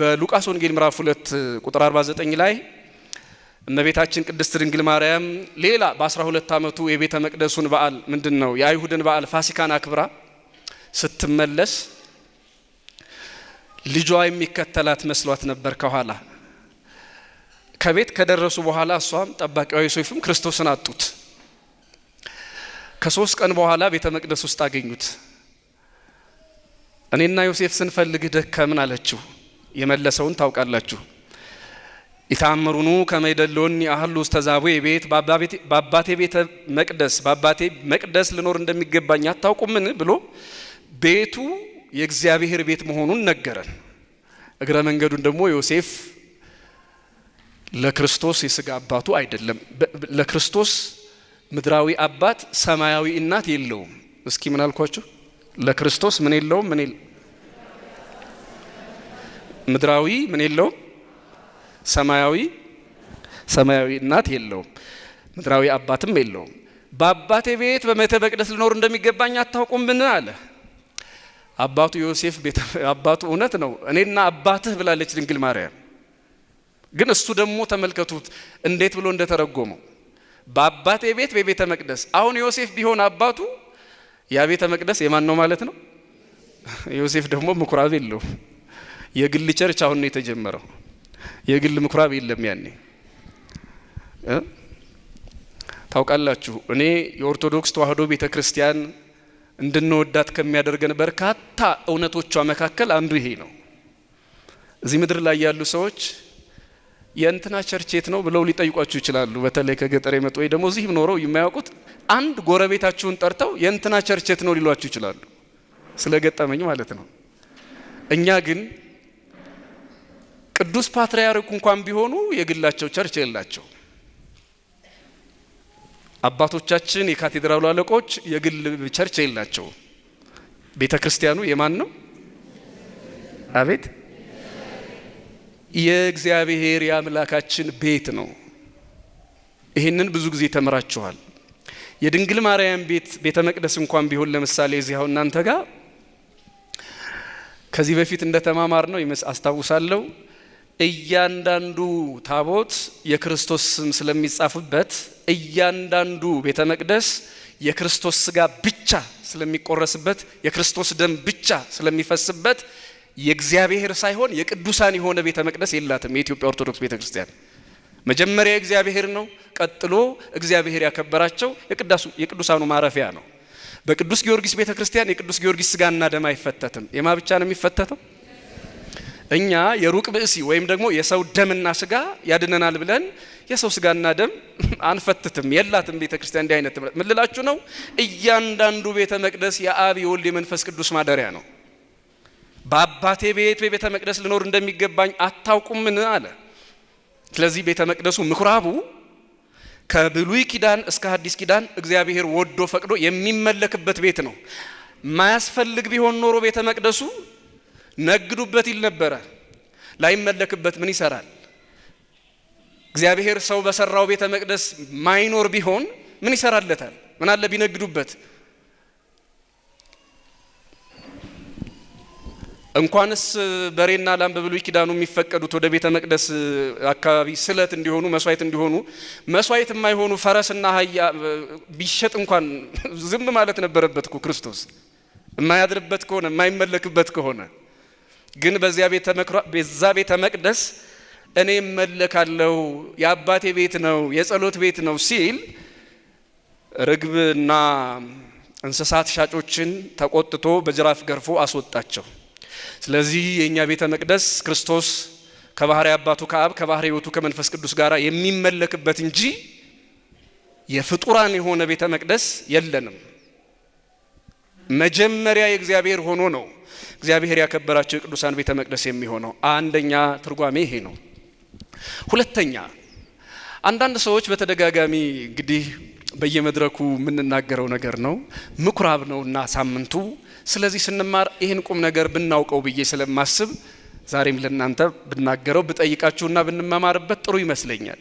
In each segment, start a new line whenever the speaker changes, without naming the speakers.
በሉቃስ ወንጌል ምዕራፍ 2 ቁጥር 49 ላይ እመቤታችን ቅድስት ድንግል ማርያም ሌላ በ12 ዓመቱ የቤተ መቅደሱን በዓል ምንድን ነው የአይሁድን በዓል ፋሲካን አክብራ ስትመለስ ልጇ የሚከተላት መስሏት ነበር። ከኋላ ከቤት ከደረሱ በኋላ እሷም ጠባቂዋ ዮሴፍም ክርስቶስን አጡት። ከሶስት ቀን በኋላ ቤተ መቅደስ ውስጥ አገኙት። እኔና ዮሴፍ ስንፈልግህ ደከምን አለችው። የመለሰውን ታውቃላችሁ። ኢታምሩኑ ከመይደሎኒ አህሉ ውስጥ ተዛቡ ቤት በአባቴ ቤተ መቅደስ በአባቴ መቅደስ ልኖር እንደሚገባኝ አታውቁምን ብሎ ቤቱ የእግዚአብሔር ቤት መሆኑን ነገረን። እግረ መንገዱን ደግሞ ዮሴፍ ለክርስቶስ የስጋ አባቱ አይደለም። ለክርስቶስ ምድራዊ አባት ሰማያዊ እናት የለውም። እስኪ ምን አልኳችሁ? ለክርስቶስ ምን የለውም ምን ምድራዊ ምን የለውም፣ ሰማያዊ ሰማያዊ እናት የለውም፣ ምድራዊ አባትም የለውም። በአባቴ ቤት በቤተ መቅደስ ልኖር እንደሚገባኝ አታውቁም? ምን አለ አባቱ ዮሴፍ አባቱ እውነት ነው። እኔና አባትህ ብላለች ድንግል ማርያም። ግን እሱ ደግሞ ተመልከቱት እንዴት ብሎ እንደተረጎመው በአባቴ ቤት በቤተ መቅደስ። አሁን ዮሴፍ ቢሆን አባቱ ያ ቤተ መቅደስ የማን ነው ማለት ነው? ዮሴፍ ደግሞ ምኩራብ የለውም። የግል ቸርች አሁን ነው የተጀመረው። የግል ምኩራብ የለም ያኔ ታውቃላችሁ። እኔ የኦርቶዶክስ ተዋህዶ ቤተ ክርስቲያን እንድንወዳት ከሚያደርገን በርካታ እውነቶቿ መካከል አንዱ ይሄ ነው። እዚህ ምድር ላይ ያሉ ሰዎች የእንትና ቸርቼት ነው ብለው ሊጠይቋችሁ ይችላሉ። በተለይ ከገጠር የመጡ ወይ ደግሞ እዚህም ኖረው የማያውቁት አንድ ጎረቤታችሁን ጠርተው የእንትና ቸርች ነው ሊሏችሁ ይችላሉ። ስለ ገጠመኝ ማለት ነው። እኛ ግን ቅዱስ ፓትርያርኩ እንኳን ቢሆኑ የግላቸው ቸርች የላቸው። አባቶቻችን የካቴድራሉ አለቆች የግል ቸርች የላቸው። ቤተ ክርስቲያኑ የማን ነው? አቤት የእግዚአብሔር የአምላካችን ቤት ነው። ይህንን ብዙ ጊዜ ተምራችኋል። የድንግል ማርያም ቤት ቤተ መቅደስ እንኳን ቢሆን ለምሳሌ እዚያው እናንተ ጋር ከዚህ በፊት ተማማር ነው አስታውሳለሁ እያንዳንዱ ታቦት የክርስቶስ ስም ስለሚጻፍበት እያንዳንዱ ቤተ መቅደስ የክርስቶስ ስጋ ብቻ ስለሚቆረስበት የክርስቶስ ደም ብቻ ስለሚፈስበት የእግዚአብሔር ሳይሆን የቅዱሳን የሆነ ቤተ መቅደስ የላትም የኢትዮጵያ ኦርቶዶክስ ቤተ ክርስቲያን። መጀመሪያ የእግዚአብሔር ነው። ቀጥሎ እግዚአብሔር ያከበራቸው የቅዱሳኑ ማረፊያ ነው። በቅዱስ ጊዮርጊስ ቤተ ክርስቲያን የቅዱስ ጊዮርጊስ ስጋና ደም አይፈተትም። የማ ብቻ ነው የሚፈተተው እኛ የሩቅ ብእሲ ወይም ደግሞ የሰው ደምና ስጋ ያድነናል ብለን የሰው ስጋና ደም አንፈትትም፣ የላትም ቤተ ክርስቲያን እንዲህ አይነት ትምህርት። ምን ልላችሁ ነው? እያንዳንዱ ቤተ መቅደስ የአብ የወልድ የመንፈስ ቅዱስ ማደሪያ ነው። በአባቴ ቤት በቤተ መቅደስ ልኖር እንደሚገባኝ አታውቁምን አለ። ስለዚህ ቤተ መቅደሱ ምኩራቡ ከብሉይ ኪዳን እስከ ሀዲስ ኪዳን እግዚአብሔር ወዶ ፈቅዶ የሚመለክበት ቤት ነው። ማያስፈልግ ቢሆን ኖሮ ቤተ መቅደሱ ነግዱበት ይል ነበረ። ላይመለክበት ምን ይሰራል? እግዚአብሔር ሰው በሰራው ቤተ መቅደስ ማይኖር ቢሆን ምን ይሰራለታል? ምን አለ ቢነግዱበት። እንኳንስ በሬና ላም በብሉይ ኪዳኑ የሚፈቀዱት ወደ ቤተ መቅደስ አካባቢ ስለት እንዲሆኑ መስዋዕት እንዲሆኑ መስዋዕት የማይሆኑ ፈረስና አህያ ቢሸጥ እንኳን ዝም ማለት ነበረበት እኮ ክርስቶስ። የማያድርበት ከሆነ የማይመለክበት ከሆነ ግን በዚያ ቤተ መቅደስ እኔ እመለካለሁ፣ የአባቴ ቤት ነው፣ የጸሎት ቤት ነው ሲል ርግብና እንስሳት ሻጮችን ተቆጥቶ በጅራፍ ገርፎ አስወጣቸው። ስለዚህ የእኛ ቤተ መቅደስ ክርስቶስ ከባህሪ አባቱ ከአብ ከባህሪ ሕይወቱ ከመንፈስ ቅዱስ ጋር የሚመለክበት እንጂ የፍጡራን የሆነ ቤተ መቅደስ የለንም። መጀመሪያ የእግዚአብሔር ሆኖ ነው እግዚአብሔር ያከበራቸው የቅዱሳን ቤተ መቅደስ የሚሆነው። አንደኛ ትርጓሜ ይሄ ነው። ሁለተኛ አንዳንድ ሰዎች በተደጋጋሚ እንግዲህ በየመድረኩ የምንናገረው ነገር ነው፣ ምኩራብ እና ሳምንቱ። ስለዚህ ስንማር ይህን ቁም ነገር ብናውቀው ብዬ ስለማስብ ዛሬም ለእናንተ ብናገረው ብጠይቃችሁና ብንመማርበት ጥሩ ይመስለኛል።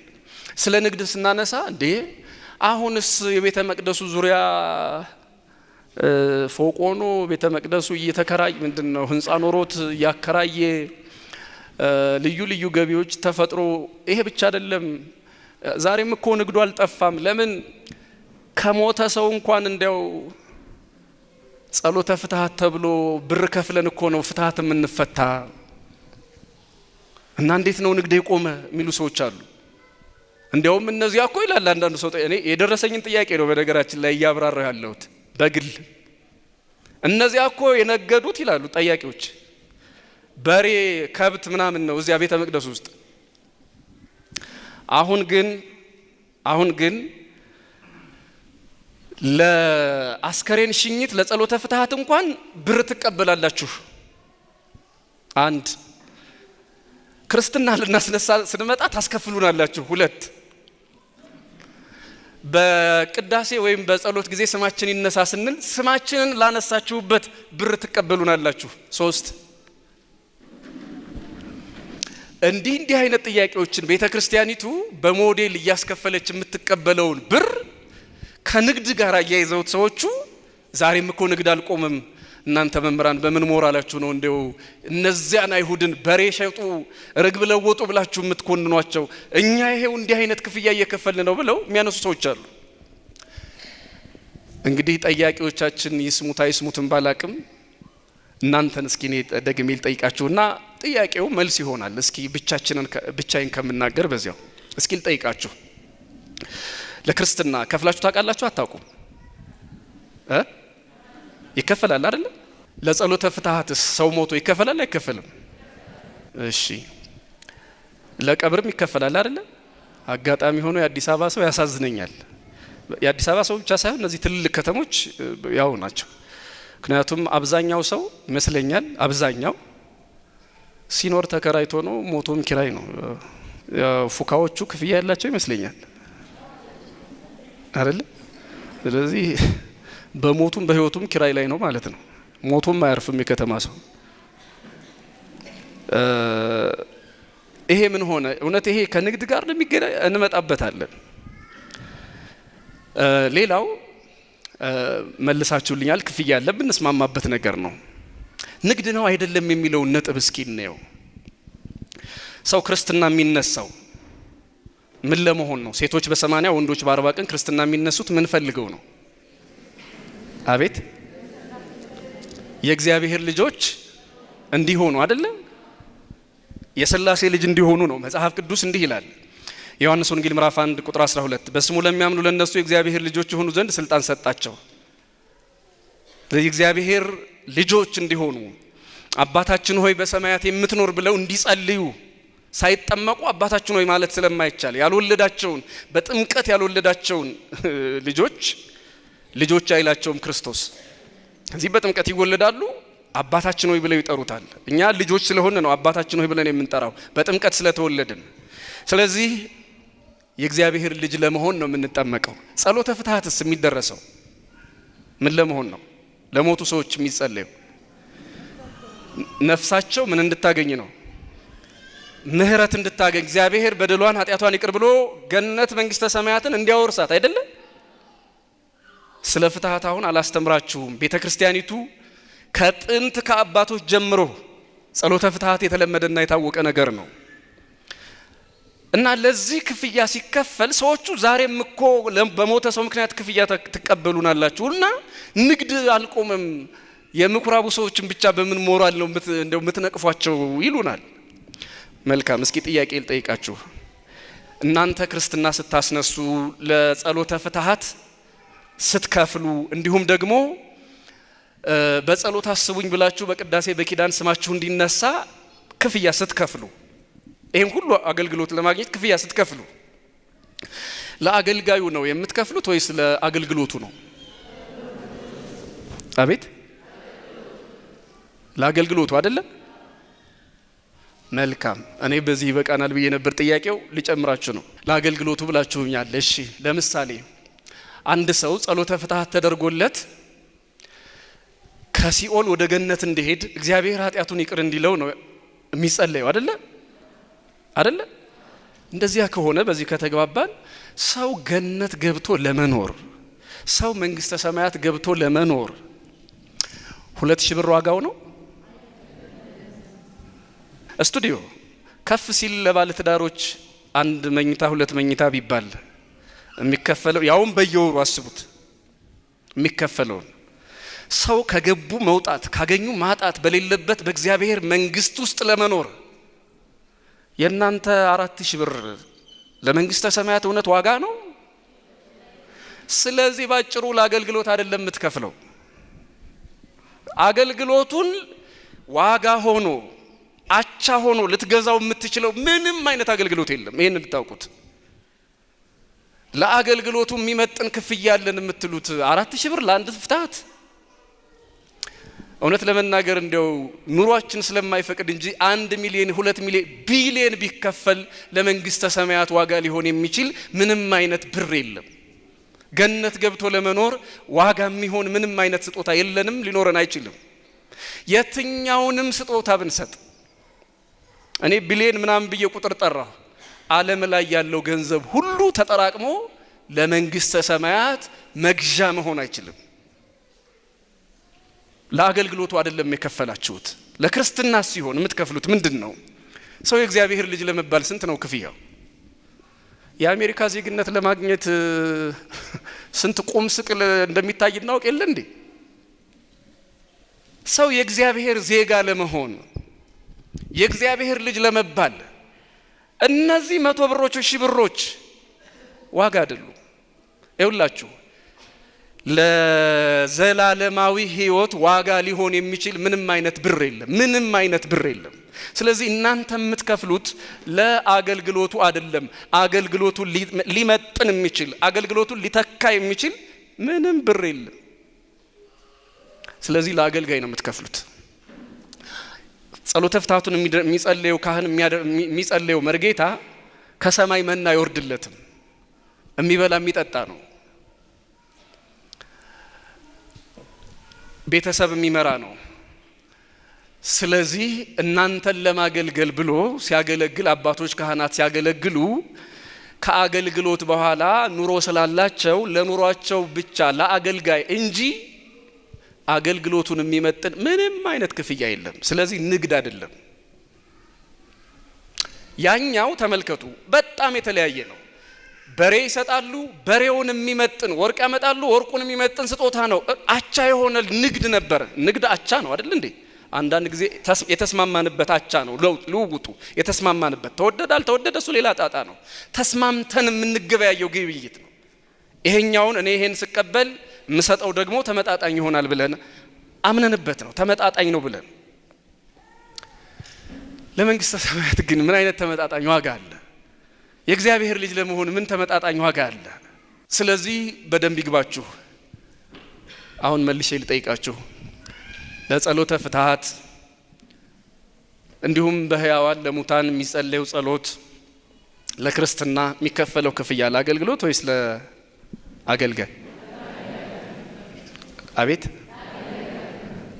ስለ ንግድ ስናነሳ እንዴ አሁንስ የቤተ መቅደሱ ዙሪያ ፎቅ ሆኖ ቤተ መቅደሱ እየተከራየ ምንድን ነው ህንፃ ኖሮት እያከራየ ልዩ ልዩ ገቢዎች ተፈጥሮ ይሄ ብቻ አይደለም። ዛሬም እኮ ንግዱ አልጠፋም። ለምን ከሞተ ሰው እንኳን እንዲያው ጸሎተ ፍትሀት ተብሎ ብር ከፍለን እኮ ነው ፍትሀት የምንፈታ እና እንዴት ነው ንግድ የቆመ የሚሉ ሰዎች አሉ። እንዲያውም እነዚያ እኮ ይላል አንዳንዱ ሰው እኔ የደረሰኝን ጥያቄ ነው በነገራችን ላይ እያብራራ ያለሁት በግል እነዚያ እኮ የነገዱት ይላሉ ጠያቂዎች፣ በሬ ከብት ምናምን ነው እዚያ ቤተ መቅደስ ውስጥ። አሁን ግን አሁን ግን ለአስከሬን ሽኝት ለጸሎተ ፍትሐት እንኳን ብር ትቀበላላችሁ። አንድ ክርስትና ልናስነሳ ስንመጣ ታስከፍሉናላችሁ። ሁለት በቅዳሴ ወይም በጸሎት ጊዜ ስማችን ይነሳ ስንል ስማችንን ላነሳችሁበት ብር ትቀበሉናላችሁ። ሶስት እንዲህ እንዲህ አይነት ጥያቄዎችን ቤተ ክርስቲያኒቱ በሞዴል እያስከፈለች የምትቀበለውን ብር ከንግድ ጋር አያይዘውት ሰዎቹ ዛሬም እኮ ንግድ አልቆምም እናንተ መምህራን በምን ሞራላችሁ ነው እንዲው እነዚያን አይሁድን በሬ ሸጡ፣ ርግብ ለወጡ ብላችሁ የምትኮንኗቸው? እኛ ይሄው እንዲህ አይነት ክፍያ እየከፈልን ነው ብለው የሚያነሱ ሰዎች አሉ። እንግዲህ ጠያቂዎቻችን ይስሙት አይስሙትን ባላቅም እናንተን እስኪ እኔ ደግሜ ልጠይቃችሁና ጥያቄው መልስ ይሆናል። እስኪ ብቻችንን ብቻዬን ከምናገር በዚያው እስኪ ልጠይቃችሁ። ለክርስትና ከፍላችሁ ታውቃላችሁ አታውቁም? ይከፈላል አይደለም? ለጸሎተ ፍትሐትስ ሰው ሞቶ ይከፈላል አይከፈልም? እሺ ለቀብርም ይከፈላል አይደለም? አጋጣሚ ሆኖ የአዲስ አበባ ሰው ያሳዝነኛል። የአዲስ አበባ ሰው ብቻ ሳይሆን እነዚህ ትልልቅ ከተሞች ያው ናቸው። ምክንያቱም አብዛኛው ሰው ይመስለኛል አብዛኛው ሲኖር ተከራይቶ ነው፣ ሞቶም ኪራይ ነው። ፉካዎቹ ክፍያ ያላቸው ይመስለኛል አይደለም? ስለዚህ በሞቱም በህይወቱም ኪራይ ላይ ነው ማለት ነው። ሞቱም አያርፍም የከተማ ሰው። ይሄ ምን ሆነ? እውነት ይሄ ከንግድ ጋር ነው እንመጣበታለን። ሌላው መልሳችሁልኛል። ክፍያ አለ የምንስማማበት ነገር ነው። ንግድ ነው አይደለም የሚለውን ነጥብ እስኪ እንየው። ሰው ክርስትና የሚነሳው ምን ለመሆን ነው? ሴቶች በሰማንያ ወንዶች በአርባ ቀን ክርስትና የሚነሱት ምን ፈልገው ነው? አቤት የእግዚአብሔር ልጆች እንዲሆኑ አይደለም የሥላሴ ልጅ እንዲሆኑ ነው። መጽሐፍ ቅዱስ እንዲህ ይላል። ዮሐንስ ወንጌል ምዕራፍ 1 ቁጥር 12 በስሙ ለሚያምኑ ለነሱ የእግዚአብሔር ልጆች የሆኑ ዘንድ ስልጣን ሰጣቸው። የእግዚአብሔር ልጆች እንዲሆኑ አባታችን ሆይ በሰማያት የምትኖር ብለው እንዲጸልዩ ሳይጠመቁ አባታችን ሆይ ማለት ስለማይቻል ያልወለዳቸውን በጥምቀት ያልወለዳቸውን ልጆች ልጆች አይላቸውም ክርስቶስ። እዚህ በጥምቀት ይወለዳሉ። አባታችን ሆይ ብለው ይጠሩታል። እኛ ልጆች ስለሆነ ነው አባታችን ሆይ ብለን የምንጠራው በጥምቀት ስለተወለድን። ስለዚህ የእግዚአብሔር ልጅ ለመሆን ነው የምንጠመቀው። ጸሎተ ፍትሐትስ የሚደረሰው ምን ለመሆን ነው? ለሞቱ ሰዎች የሚጸለዩ ነፍሳቸው ምን እንድታገኝ ነው? ምህረት እንድታገኝ እግዚአብሔር በደሏን ኃጢአቷን ይቅር ብሎ ገነት መንግስተ ሰማያትን እንዲያወርሳት አይደለም ስለ ፍትሐት አሁን አላስተምራችሁም። ቤተ ክርስቲያኒቱ ከጥንት ከአባቶች ጀምሮ ጸሎተ ፍትሐት የተለመደና የታወቀ ነገር ነው እና ለዚህ ክፍያ ሲከፈል ሰዎቹ ዛሬም እኮ በሞተ ሰው ምክንያት ክፍያ ትቀበሉናላችሁ እና ንግድ አልቆምም፣ የምኩራቡ ሰዎችን ብቻ በምን ሞራል ነው እንደው የምትነቅፏቸው ይሉናል። መልካም እስኪ ጥያቄ ልጠይቃችሁ። እናንተ ክርስትና ስታስነሱ ለጸሎተ ፍትሐት ስትከፍሉ እንዲሁም ደግሞ በጸሎት አስቡኝ ብላችሁ በቅዳሴ በኪዳን ስማችሁ እንዲነሳ ክፍያ ስትከፍሉ ይህም ሁሉ አገልግሎት ለማግኘት ክፍያ ስትከፍሉ ለአገልጋዩ ነው የምትከፍሉት ወይስ ለአገልግሎቱ ነው? አቤት ለአገልግሎቱ አይደለም። መልካም እኔ በዚህ ይበቃናል ብዬ ነበር። ጥያቄው ልጨምራችሁ ነው። ለአገልግሎቱ ብላችሁኛል። እሺ ለምሳሌ አንድ ሰው ጸሎተ ፍትሐት ተደርጎለት ከሲኦል ወደ ገነት እንዲሄድ እግዚአብሔር ኃጢአቱን ይቅር እንዲለው ነው የሚጸለየው። አደለ አደለ? እንደዚያ ከሆነ በዚህ ከተግባባን ሰው ገነት ገብቶ ለመኖር ሰው መንግስተ ሰማያት ገብቶ ለመኖር ሁለት ሺ ብር ዋጋው ነው። ስቱዲዮ ከፍ ሲል ለባለትዳሮች አንድ መኝታ ሁለት መኝታ ቢባል የሚከፈለው ያውም በየወሩ አስቡት የሚከፈለውን ሰው ከገቡ መውጣት ካገኙ ማጣት በሌለበት በእግዚአብሔር መንግስት ውስጥ ለመኖር የእናንተ አራት ሺህ ብር ለመንግስተ ሰማያት እውነት ዋጋ ነው። ስለዚህ ባጭሩ ለአገልግሎት አይደለም የምትከፍለው፣ አገልግሎቱን ዋጋ ሆኖ አቻ ሆኖ ልትገዛው የምትችለው ምንም አይነት አገልግሎት የለም። ይህን እንድታውቁት ለአገልግሎቱ የሚመጥን ክፍያ አለን የምትሉት አራት ሺህ ብር ለአንድ ፍታት እውነት ለመናገር እንዲያው ኑሯችን ስለማይፈቅድ እንጂ አንድ ሚሊዮን ሁለት ሚሊዮን ቢሊዮን ቢከፈል ለመንግስተ ሰማያት ዋጋ ሊሆን የሚችል ምንም አይነት ብር የለም። ገነት ገብቶ ለመኖር ዋጋ የሚሆን ምንም አይነት ስጦታ የለንም፣ ሊኖረን አይችልም። የትኛውንም ስጦታ ብንሰጥ እኔ ቢሊዮን ምናምን ብዬ ቁጥር ጠራ ዓለም ላይ ያለው ገንዘብ ሁሉ ተጠራቅሞ ለመንግስተ ሰማያት መግዣ መሆን አይችልም። ለአገልግሎቱ አይደለም የከፈላችሁት። ለክርስትና ሲሆን የምትከፍሉት ምንድን ነው? ሰው የእግዚአብሔር ልጅ ለመባል ስንት ነው ክፍያው? የአሜሪካ ዜግነት ለማግኘት ስንት ቁም ስቅል እንደሚታይ እናውቅ የለ እንዴ? ሰው የእግዚአብሔር ዜጋ ለመሆን የእግዚአብሔር ልጅ ለመባል እነዚህ መቶ ብሮች ሺህ ብሮች ዋጋ አይደሉ ይውላችሁ ለዘላለማዊ ህይወት ዋጋ ሊሆን የሚችል ምንም አይነት ብር የለም። ምንም አይነት ብር የለም። ስለዚህ እናንተ የምትከፍሉት ለአገልግሎቱ አይደለም። አገልግሎቱ ሊመጥን የሚችል አገልግሎቱን ሊተካ የሚችል ምንም ብር የለም። ስለዚህ ለአገልጋይ ነው የምትከፍሉት። ጸሎተ ፍታቱን የሚጸልየው ካህን የሚጸልየው መርጌታ ከሰማይ መና አይወርድለትም። የሚበላ የሚጠጣ ነው። ቤተሰብ የሚመራ ነው። ስለዚህ እናንተን ለማገልገል ብሎ ሲያገለግል አባቶች ካህናት ሲያገለግሉ ከአገልግሎት በኋላ ኑሮ ስላላቸው ለኑሯቸው ብቻ ለአገልጋይ እንጂ አገልግሎቱን የሚመጥን ምንም አይነት ክፍያ የለም። ስለዚህ ንግድ አይደለም። ያኛው ተመልከቱ፣ በጣም የተለያየ ነው። በሬ ይሰጣሉ፣ በሬውን የሚመጥን ወርቅ ያመጣሉ፣ ወርቁን የሚመጥን ስጦታ ነው። አቻ የሆነ ንግድ ነበር ንግድ አቻ ነው አይደል እንዴ? አንዳንድ ጊዜ የተስማማንበት አቻ ነው ልውውጡ፣ የተስማማንበት ተወደደ አልተወደደ፣ እሱ ሌላ ጣጣ ነው። ተስማምተን የምንገበያየው ግብይት ነው። ይሄኛውን እኔ ይሄን ስቀበል የምሰጠው ደግሞ ተመጣጣኝ ይሆናል ብለን አምነንበት ነው። ተመጣጣኝ ነው ብለን ለመንግስተ ሰማያት ግን ምን አይነት ተመጣጣኝ ዋጋ አለ? የእግዚአብሔር ልጅ ለመሆን ምን ተመጣጣኝ ዋጋ አለ? ስለዚህ በደንብ ይግባችሁ። አሁን መልሼ ልጠይቃችሁ ለጸሎተ ፍትሐት እንዲሁም በህያዋን ለሙታን የሚጸለዩ ጸሎት ለክርስትና የሚከፈለው ክፍያ ለአገልግሎት ወይስ ለአገልገል? አቤት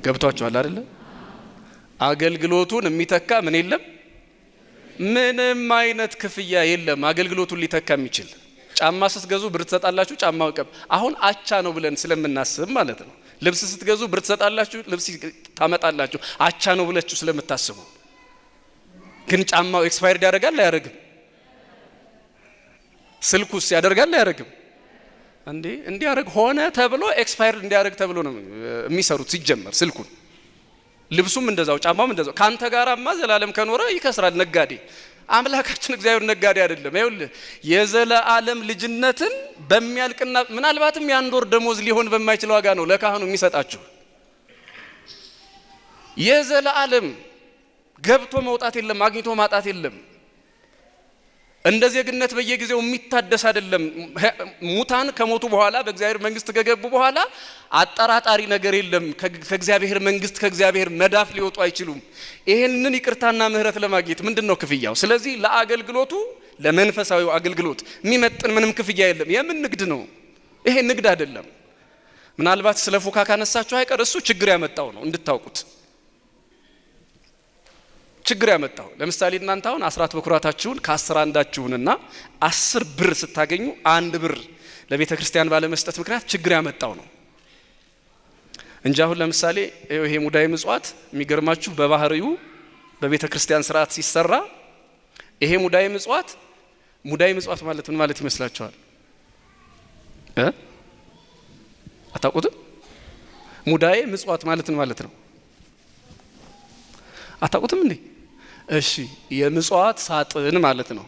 ገብቷችኋል አይደለ? አገልግሎቱን የሚተካ ምን የለም፣ ምንም አይነት ክፍያ የለም። አገልግሎቱን ሊተካ የሚችል ጫማ ስትገዙ ብር ትሰጣላችሁ፣ ጫማ ቀብ አሁን አቻ ነው ብለን ስለምናስብ ማለት ነው። ልብስ ስትገዙ ብር ትሰጣላችሁ፣ ልብስ ታመጣላችሁ፣ አቻ ነው ብላችሁ ስለምታስቡ። ግን ጫማው ኤክስፓየርድ ያደርጋል አያደርግም? ስልኩስ ያደርጋል አያደርግም? እንዴ እንዲያደርግ ሆነ ተብሎ ኤክስፓየርድ እንዲያደርግ ተብሎ ነው የሚሰሩት ሲጀመር ስልኩን ልብሱም እንደዛው ጫማውም እንደዛው ካንተ ጋራማ ዘላለም ከኖረ ይከስራል ነጋዴ አምላካችን እግዚአብሔር ነጋዴ አይደለም ይኸውልህ የዘላለም ልጅነትን በሚያልቅና ምናልባትም የአንድ ወር ደሞዝ ሊሆን በማይችል ዋጋ ነው ለካህኑ የሚሰጣችሁ የዘላለም ገብቶ መውጣት የለም አግኝቶ ማጣት የለም እንደ ዜግነት በየጊዜው የሚታደስ አይደለም። ሙታን ከሞቱ በኋላ በእግዚአብሔር መንግስት ከገቡ በኋላ አጠራጣሪ ነገር የለም። ከእግዚአብሔር መንግስት ከእግዚአብሔር መዳፍ ሊወጡ አይችሉም። ይሄንን ይቅርታና ምህረት ለማግኘት ምንድን ነው ክፍያው? ስለዚህ ለአገልግሎቱ ለመንፈሳዊ አገልግሎት የሚመጥን ምንም ክፍያ የለም። የምን ንግድ ነው ይሄ? ንግድ አይደለም። ምናልባት ስለ ፉካ ካነሳችሁ አይቀር እሱ ችግር ያመጣው ነው እንድታውቁት ችግር ያመጣው። ለምሳሌ እናንተ አሁን አስራት በኩራታችሁን ከአስር አንዳችሁንና አስር ብር ስታገኙ አንድ ብር ለቤተ ክርስቲያን ባለመስጠት ምክንያት ችግር ያመጣው ነው እንጂ አሁን ለምሳሌ ይሄ ሙዳይ ምጽዋት የሚገርማችሁ በባህሪው በቤተ ክርስቲያን ስርዓት ሲሰራ ይሄ ሙዳይ ምጽዋት ሙዳይ ምጽዋት ማለት ምን ማለት ይመስላችኋል? አታውቁትም? ሙዳዬ ምጽዋት ማለት ምን ማለት ነው? አታውቁትም እንዴ? እሺ የምጽዋት ሳጥን ማለት ነው።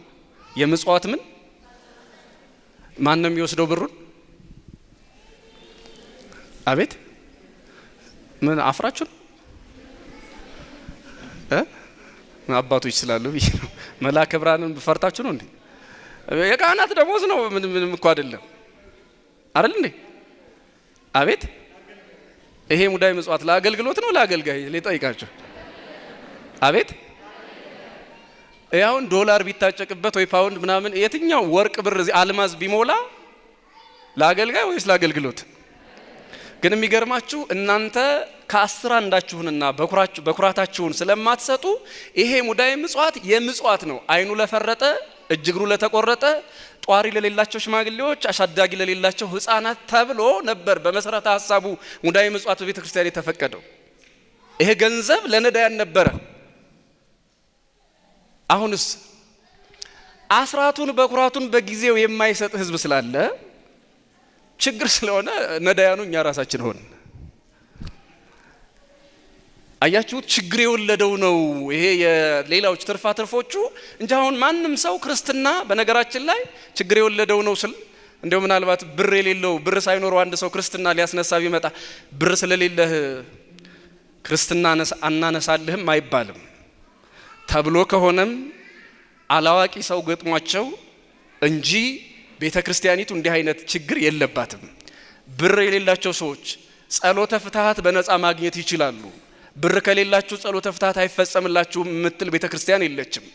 የምጽዋት ምን ማን ነው የሚወስደው ብሩን? አቤት ምን አፍራችሁ እ አባቶች ስላሉ ብዬ ነው። መልአከ ብርሃንን ፈርታችሁ ነው እንዴ? የካህናት ደሞዝ ነው። ምንም እኮ አይደለም አይደል እንዴ? አቤት ይሄ ሙዳይ ምጽዋት ለአገልግሎት ነው። ለአገልጋይ ሊጠይቃቸው አቤት ያውን ዶላር ቢታጨቅበት ወይ ፓውንድ ምናምን የትኛው ወርቅ ብር አልማዝ ቢሞላ ለአገልጋይ ወይስ ለአገልግሎት? ግን የሚገርማችሁ እናንተ ከአስር አንዳችሁንና በኩራታችሁን ስለማትሰጡ ይሄ ሙዳይ ምጽዋት የምጽዋት ነው። አይኑ ለፈረጠ እጅግሩ ለተቆረጠ ጧሪ ለሌላቸው ሽማግሌዎች፣ አሳዳጊ ለሌላቸው ህፃናት ተብሎ ነበር በመሰረተ ሀሳቡ ሙዳይ ምጽዋት በቤተ ክርስቲያን የተፈቀደው። ይሄ ገንዘብ ለነዳያን ነበረ። አሁንስ አስራቱን በኩራቱን በጊዜው የማይሰጥ ህዝብ ስላለ ችግር ስለሆነ ነዳያኑ እኛ ራሳችን ሆን። አያችሁት? ችግር የወለደው ነው ይሄ የሌላዎች ትርፋ ትርፎቹ እንጂ። አሁን ማንም ሰው ክርስትና በነገራችን ላይ ችግር የወለደው ነው ስል እንዲሁ ምናልባት ብር የሌለው ብር ሳይኖረው አንድ ሰው ክርስትና ሊያስነሳ ቢመጣ ብር ስለሌለህ ክርስትና አናነሳልህም አይባልም። ተብሎ ከሆነም አላዋቂ ሰው ገጥሟቸው እንጂ ቤተ ክርስቲያኒቱ እንዲህ አይነት ችግር የለባትም። ብር የሌላቸው ሰዎች ጸሎተ ፍትሐት በነፃ ማግኘት ይችላሉ። ብር ከሌላችሁ ጸሎተ ፍትሐት አይፈጸምላችሁም የምትል ቤተ ክርስቲያን የለችም።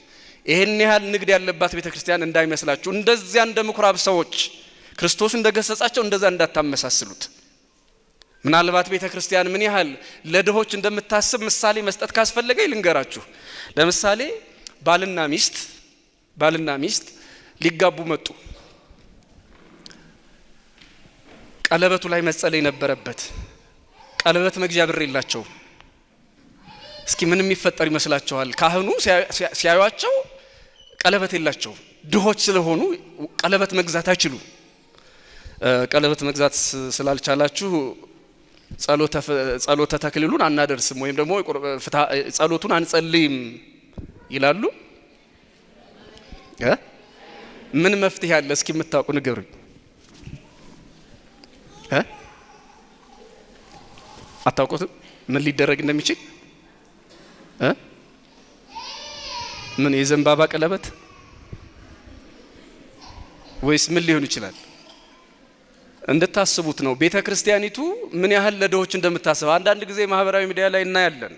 ይህን ያህል ንግድ ያለባት ቤተ ክርስቲያን እንዳይመስላችሁ። እንደዚያ እንደ ምኩራብ ሰዎች ክርስቶስ እንደገሰጻቸው እንደዛ እንዳታመሳስሉት። ምናልባት ቤተ ክርስቲያን ምን ያህል ለድሆች እንደምታስብ ምሳሌ መስጠት ካስፈለገ ይልንገራችሁ ለምሳሌ ባልና ሚስት ባልና ሚስት ሊጋቡ መጡ። ቀለበቱ ላይ መጸለይ ነበረበት። ቀለበት መግዣ ብር የላቸው እስኪ ምን የሚፈጠር ይመስላችኋል? ካህኑ ሲያዩቸው ቀለበት የላቸው ድሆች ስለሆኑ ቀለበት መግዛት አይችሉ ቀለበት መግዛት ስላልቻላችሁ ጸሎተ ተክሊሉን አናደርስም ወይም ደግሞ ጸሎቱን አንጸልይም ይላሉ። ምን መፍትሄ አለ? እስኪ የምታውቁ ንገሩኝ። አታውቁትም? ምን ሊደረግ እንደሚችል ምን የዘንባባ ቀለበት ወይስ ምን ሊሆን ይችላል? እንድታስቡት ነው። ቤተ ክርስቲያኒቱ ምን ያህል ለድሆች እንደምታስብ አንዳንድ ጊዜ ማህበራዊ ሚዲያ ላይ እናያለን።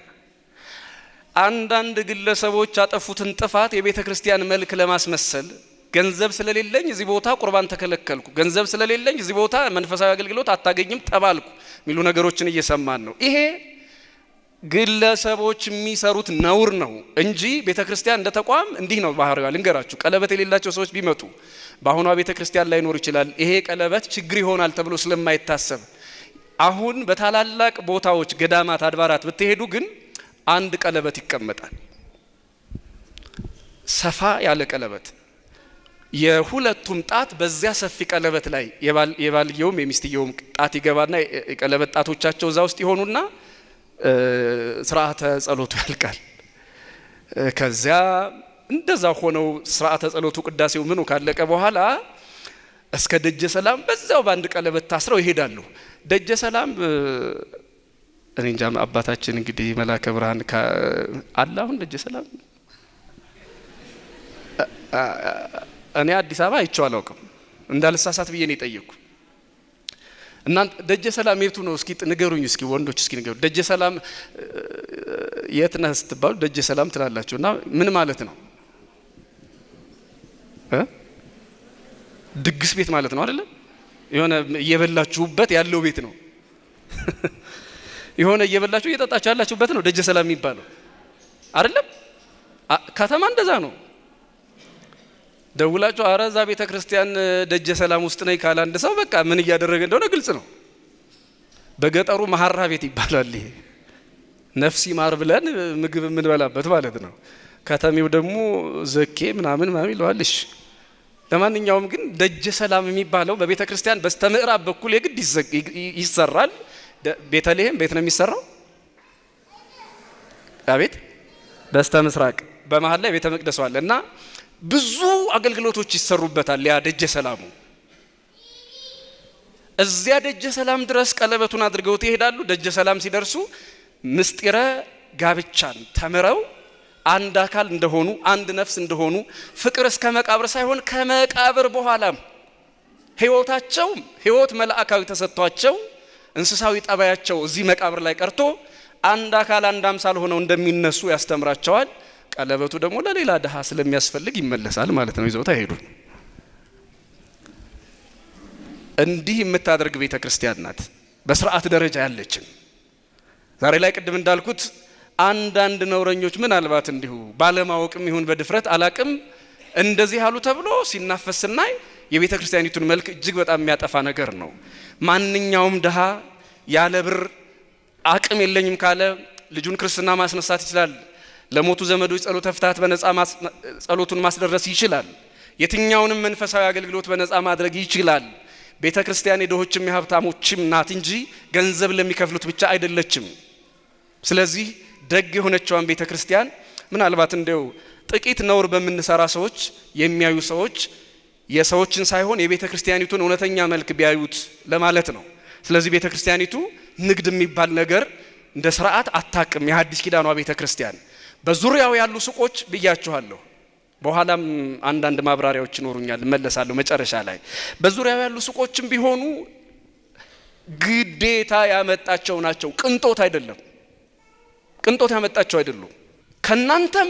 አንዳንድ ግለሰቦች ያጠፉትን ጥፋት የቤተ ክርስቲያን መልክ ለማስመሰል ገንዘብ ስለሌለኝ እዚህ ቦታ ቁርባን ተከለከልኩ፣ ገንዘብ ስለሌለኝ እዚህ ቦታ መንፈሳዊ አገልግሎት አታገኝም ተባልኩ የሚሉ ነገሮችን እየሰማን ነው። ይሄ ግለሰቦች የሚሰሩት ነውር ነው እንጂ ቤተ ክርስቲያን እንደ ተቋም እንዲህ ነው ባህሪዋ። ልንገራችሁ፣ ቀለበት የሌላቸው ሰዎች ቢመጡ በአሁኗ ቤተ ክርስቲያን ላይኖር ይችላል። ይሄ ቀለበት ችግር ይሆናል ተብሎ ስለማይታሰብ አሁን በታላላቅ ቦታዎች ገዳማት፣ አድባራት ብትሄዱ ግን አንድ ቀለበት ይቀመጣል። ሰፋ ያለ ቀለበት የሁለቱም ጣት በዚያ ሰፊ ቀለበት ላይ የባልየውም የሚስትየውም ጣት ይገባና የቀለበት ጣቶቻቸው እዛ ውስጥ ይሆኑና ስርዓተ ጸሎቱ ያልቃል። ከዚያ እንደዛ ሆነው ስርዓተ ጸሎቱ ቅዳሴው ምኑ ካለቀ በኋላ እስከ ደጀ ሰላም በዛው በአንድ ቀለበት ታስረው ይሄዳሉ። ደጀ ሰላም እኔ እንጃ አባታችን እንግዲህ መላከ ብርሃን አለ። አሁን ደጀ ሰላም እኔ አዲስ አበባ አይቼው አላውቅም፣ እንዳልሳሳት ብዬ ነው የጠየቅኩ። እና ደጀ ሰላም የቱ ነው? እስኪ ንገሩኝ፣ እስኪ ወንዶች እስኪ ንገሩ። ደጀ ሰላም የት ነህ ስትባሉ ደጀ ሰላም ትላላችሁ እና ምን ማለት ነው? ድግስ ቤት ማለት ነው አይደለም? የሆነ እየበላችሁበት ያለው ቤት ነው። የሆነ እየበላችሁ እየጠጣችሁ ያላችሁበት ነው ደጀ ሰላም የሚባለው አይደለም? ከተማ እንደዛ ነው። ደውላችሁ አረዛ ቤተ ክርስቲያን ደጀ ሰላም ውስጥ ነኝ ካለ አንድ ሰው በቃ ምን እያደረገ እንደሆነ ግልጽ ነው። በገጠሩ መሀራ ቤት ይባላል። ይሄ ነፍሲ ማር ብለን ምግብ የምንበላበት ማለት ነው። ከተሜው ደግሞ ዘኬ ምናምን ምናምን ይለዋልሽ። ለማንኛውም ግን ደጀ ሰላም የሚባለው በቤተ ክርስቲያን በስተ ምዕራብ በኩል የግድ ይሰራል። ቤተልሔም ቤት ነው የሚሰራው። አቤት በስተ ምስራቅ በመሀል ላይ ቤተ መቅደሱ አለ እና ብዙ አገልግሎቶች ይሰሩበታል። ያ ደጀ ሰላሙ እዚያ ደጀ ሰላም ድረስ ቀለበቱን አድርገውት ይሄዳሉ። ደጀ ሰላም ሲደርሱ ምስጢረ ጋብቻን ተምረው አንድ አካል እንደሆኑ አንድ ነፍስ እንደሆኑ ፍቅር እስከ መቃብር ሳይሆን ከመቃብር በኋላም ህይወታቸው ህይወት መልአካዊ ተሰጥቷቸው እንስሳዊ ጠባያቸው እዚህ መቃብር ላይ ቀርቶ አንድ አካል አንድ አምሳል ሆነው እንደሚነሱ ያስተምራቸዋል። ቀለበቱ ደግሞ ለሌላ ድሃ ስለሚያስፈልግ ይመለሳል ማለት ነው። ይዘውት አይሄዱ። እንዲህ የምታደርግ ቤተ ክርስቲያን ናት በስርዓት ደረጃ ያለችን። ዛሬ ላይ ቅድም እንዳልኩት አንዳንድ ነውረኞች ምናልባት እንዲሁ ባለማወቅም ይሁን በድፍረት አላቅም እንደዚህ አሉ ተብሎ ሲናፈስ ስናይ የቤተ ክርስቲያኒቱን መልክ እጅግ በጣም የሚያጠፋ ነገር ነው። ማንኛውም ድሃ ያለ ብር አቅም የለኝም ካለ ልጁን ክርስትና ማስነሳት ይችላል። ለሞቱ ዘመዶች ጸሎተ ፍትሐት በነጻ ጸሎቱን ማስደረስ ይችላል። የትኛውንም መንፈሳዊ አገልግሎት በነጻ ማድረግ ይችላል። ቤተ ክርስቲያን የድሆችም የሀብታሞችም ናት እንጂ ገንዘብ ለሚከፍሉት ብቻ አይደለችም። ስለዚህ ደግ የሆነችዋን ቤተ ክርስቲያን ምናልባት እንደው ጥቂት ነውር በምንሰራ ሰዎች የሚያዩ ሰዎች የሰዎችን ሳይሆን የቤተ ክርስቲያኒቱን እውነተኛ መልክ ቢያዩት ለማለት ነው። ስለዚህ ቤተ ክርስቲያኒቱ ንግድ የሚባል ነገር እንደ ስርዓት አታቅም። የሐዲስ ኪዳኗ ቤተ ክርስቲያን በዙሪያው ያሉ ሱቆች ብያችኋለሁ። በኋላም አንዳንድ ማብራሪያዎች ይኖሩኛል፣ እመለሳለሁ መጨረሻ ላይ። በዙሪያው ያሉ ሱቆችም ቢሆኑ ግዴታ ያመጣቸው ናቸው፣ ቅንጦት አይደለም። ቅንጦት ያመጣቸው አይደሉም። ከእናንተም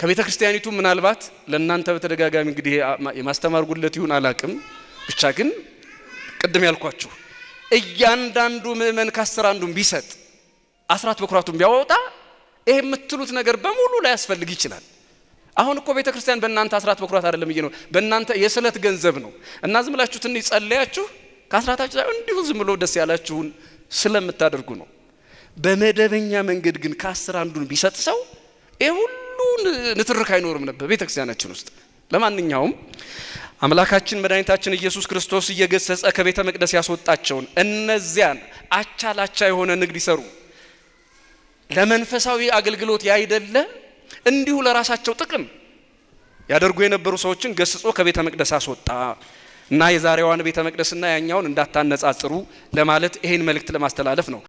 ከቤተ ክርስቲያኒቱ ምናልባት ለእናንተ በተደጋጋሚ እንግዲህ የማስተማር ጉድለት ይሁን አላቅም፣ ብቻ ግን ቅድም ያልኳችሁ እያንዳንዱ ምእመን ከአስር አንዱን ቢሰጥ አስራት በኩራቱን ቢያወጣ ይሄ የምትሉት ነገር በሙሉ ላያስፈልግ ይችላል። አሁን እኮ ቤተ ክርስቲያን በእናንተ አስራት በኩራት አይደለም ነው በእናንተ የስለት ገንዘብ ነው እና ዝም ብላችሁ ትንሽ ጸለያችሁ ከአስራታችሁ እንዲሁ ዝም ብሎ ደስ ያላችሁን ስለምታደርጉ ነው። በመደበኛ መንገድ ግን ከአስር አንዱን ቢሰጥ ሰው ይህ ሁሉ ንትርክ አይኖርም ነበር ቤተ ክርስቲያናችን ውስጥ። ለማንኛውም አምላካችን መድኃኒታችን ኢየሱስ ክርስቶስ እየገሰጸ ከቤተ መቅደስ ያስወጣቸውን እነዚያን አቻ የሆነ ንግድ ይሰሩ ለመንፈሳዊ አገልግሎት ያይደለ እንዲሁ ለራሳቸው ጥቅም ያደርጉ የነበሩ ሰዎችን ገስጾ ከቤተ መቅደስ አስወጣ እና የዛሬዋን ቤተ መቅደስና ያኛውን እንዳታነጻጽሩ ለማለት ይሄን መልእክት ለማስተላለፍ ነው።